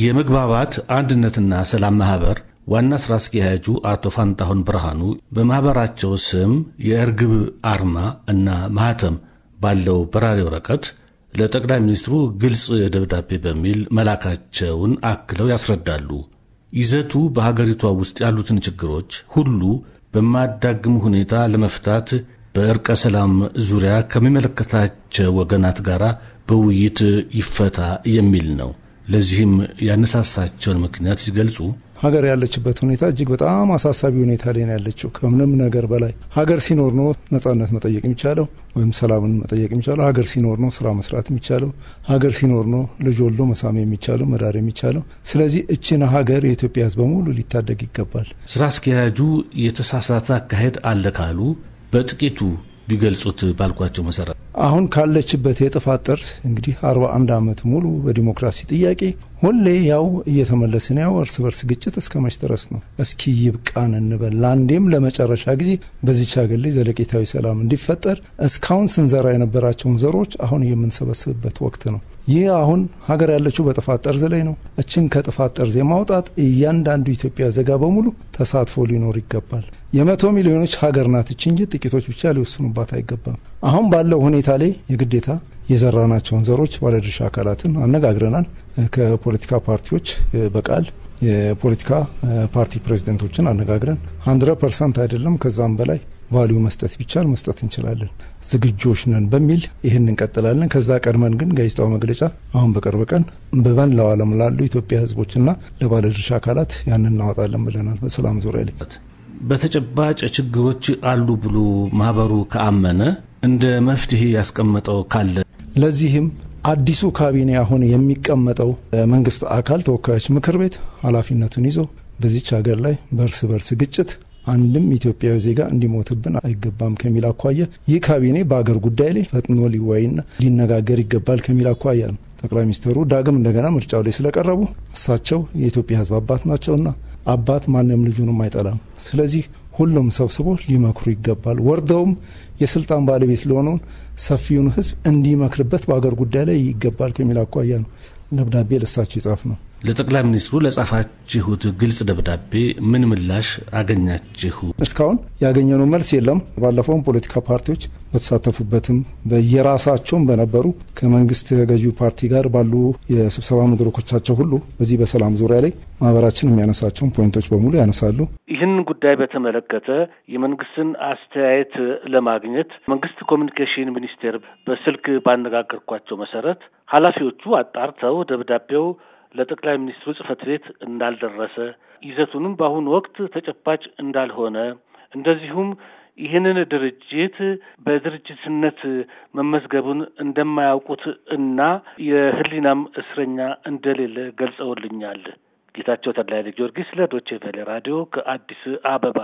የመግባባት አንድነትና ሰላም ማህበር ዋና ስራ አስኪያጁ አቶ ፋንታሁን ብርሃኑ በማህበራቸው ስም የእርግብ አርማ እና ማህተም ባለው በራሪ ወረቀት ለጠቅላይ ሚኒስትሩ ግልጽ ደብዳቤ በሚል መላካቸውን አክለው ያስረዳሉ። ይዘቱ በሀገሪቷ ውስጥ ያሉትን ችግሮች ሁሉ በማያዳግም ሁኔታ ለመፍታት በእርቀ ሰላም ዙሪያ ከሚመለከታቸው ወገናት ጋር በውይይት ይፈታ የሚል ነው። ለዚህም ያነሳሳቸውን ምክንያት ሲገልጹ ሀገር ያለችበት ሁኔታ እጅግ በጣም አሳሳቢ ሁኔታ ላይ ነው ያለችው። ከምንም ነገር በላይ ሀገር ሲኖር ነው ነጻነት መጠየቅ የሚቻለው ወይም ሰላምን መጠየቅ የሚቻለው። ሀገር ሲኖር ነው ስራ መስራት የሚቻለው። ሀገር ሲኖር ነው ልጅ ወልዶ መሳም የሚቻለው መዳር የሚቻለው። ስለዚህ እችን ሀገር የኢትዮጵያ ሕዝብ በሙሉ ሊታደግ ይገባል። ስራ አስኪያጁ የተሳሳተ አካሄድ አለ ካሉ በጥቂቱ ቢገልጹት ባልኳቸው መሰረት አሁን ካለችበት የጥፋት ጥርስ እንግዲህ 41 ዓመት ሙሉ በዲሞክራሲ ጥያቄ ሁሌ ያው እየተመለስን ያው እርስ በርስ ግጭት እስከ መች ድረስ ነው? እስኪ ይብቃን እንበል። ለአንዴም ለመጨረሻ ጊዜ በዚች ሀገር ላይ ዘለቄታዊ ሰላም እንዲፈጠር እስካሁን ስንዘራ የነበራቸውን ዘሮች አሁን የምንሰበስብበት ወቅት ነው። ይህ አሁን ሀገር ያለችው በጥፋት ጠርዝ ላይ ነው። እችን ከጥፋት ጠርዝ የማውጣት እያንዳንዱ ኢትዮጵያ ዜጋ በሙሉ ተሳትፎ ሊኖር ይገባል። የመቶ ሚሊዮኖች ሀገር ናት እች እንጂ ጥቂቶች ብቻ ሊወስኑባት አይገባም። አሁን ባለው ሁኔታ ላይ የግዴታ የዘራናቸውን ዘሮች ባለድርሻ አካላትን አነጋግረናል። ከፖለቲካ ፓርቲዎች በቃል የፖለቲካ ፓርቲ ፕሬዚደንቶችን አነጋግረን አንድረ ፐርሰንት አይደለም ከዛም በላይ ቫሊዩ መስጠት ቢቻል መስጠት እንችላለን፣ ዝግጆች ነን በሚል ይህን እንቀጥላለን። ከዛ ቀድመን ግን ጋዜጣው መግለጫ አሁን በቅርብ ቀን በመላው ዓለም ላሉ ኢትዮጵያ ህዝቦችና ለባለድርሻ አካላት ያን እናወጣለን ብለናል። በሰላም ዙሪያ ላይ በተጨባጭ ችግሮች አሉ ብሎ ማህበሩ ከአመነ እንደ መፍትሄ ያስቀመጠው ካለ ለዚህም አዲሱ ካቢኔ አሁን የሚቀመጠው መንግስት አካል ተወካዮች ምክር ቤት ኃላፊነቱን ይዞ በዚች ሀገር ላይ በእርስ በርስ ግጭት አንድም ኢትዮጵያዊ ዜጋ እንዲሞትብን አይገባም ከሚል አኳያ ይህ ካቢኔ በአገር ጉዳይ ላይ ፈጥኖ ሊወያይና ሊነጋገር ይገባል ከሚል አኳያ ነው። ጠቅላይ ሚኒስትሩ ዳግም እንደገና ምርጫው ላይ ስለቀረቡ እሳቸው የኢትዮጵያ ሕዝብ አባት ናቸውና አባት ማንም ልጁንም አይጠላም። ስለዚህ ሁሉም ሰብስቦ ሊመክሩ ይገባል። ወርደውም የስልጣን ባለቤት ለሆነውን ሰፊውን ህዝብ እንዲመክርበት በአገር ጉዳይ ላይ ይገባል ከሚል አኳያ ነው ደብዳቤ ለሳቸው የጻፍ ነው። ለጠቅላይ ሚኒስትሩ ለጻፋችሁት ግልጽ ደብዳቤ ምን ምላሽ አገኛችሁ? እስካሁን ያገኘነው መልስ የለም። ባለፈውም ፖለቲካ ፓርቲዎች በተሳተፉበትም በየራሳቸውም በነበሩ ከመንግስት ገዢው ፓርቲ ጋር ባሉ የስብሰባ መድረኮቻቸው ሁሉ በዚህ በሰላም ዙሪያ ላይ ማህበራችን የሚያነሳቸውን ፖይንቶች በሙሉ ያነሳሉ። ይህን ጉዳይ በተመለከተ የመንግስትን አስተያየት ለማግኘት መንግስት ኮሚኒኬሽን ሚኒስቴር በስልክ ባነጋገርኳቸው መሰረት ኃላፊዎቹ አጣርተው ደብዳቤው ለጠቅላይ ሚኒስትሩ ጽህፈት ቤት እንዳልደረሰ ይዘቱንም በአሁኑ ወቅት ተጨባጭ እንዳልሆነ እንደዚሁም ይህንን ድርጅት በድርጅትነት መመዝገቡን እንደማያውቁት እና የሕሊናም እስረኛ እንደሌለ ገልጸውልኛል። ጌታቸው ተድላይ ጊዮርጊስ ለዶቼ ቬለ ራዲዮ ከአዲስ አበባ